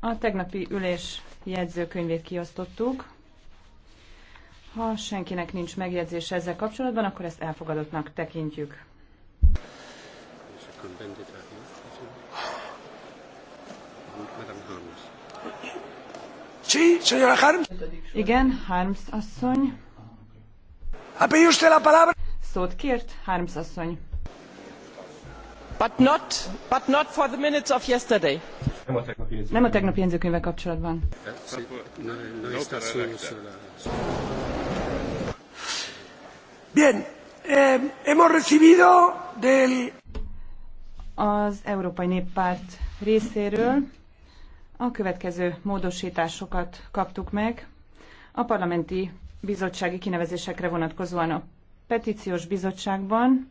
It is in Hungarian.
A tegnapi ülés jegyzőkönyvét kiosztottuk. Ha senkinek nincs megjegyzése ezzel kapcsolatban, akkor ezt elfogadottnak tekintjük. Igen, Harms asszony. palabra? Szót kért, Harms asszony. Nem a tegnapi jegyzőkönyvvel kapcsolatban. Bien, eh, hemos recibido del... Az Európai Néppárt részéről a következő módosításokat kaptuk meg. A parlamenti bizottsági kinevezésekre vonatkozóan a petíciós bizottságban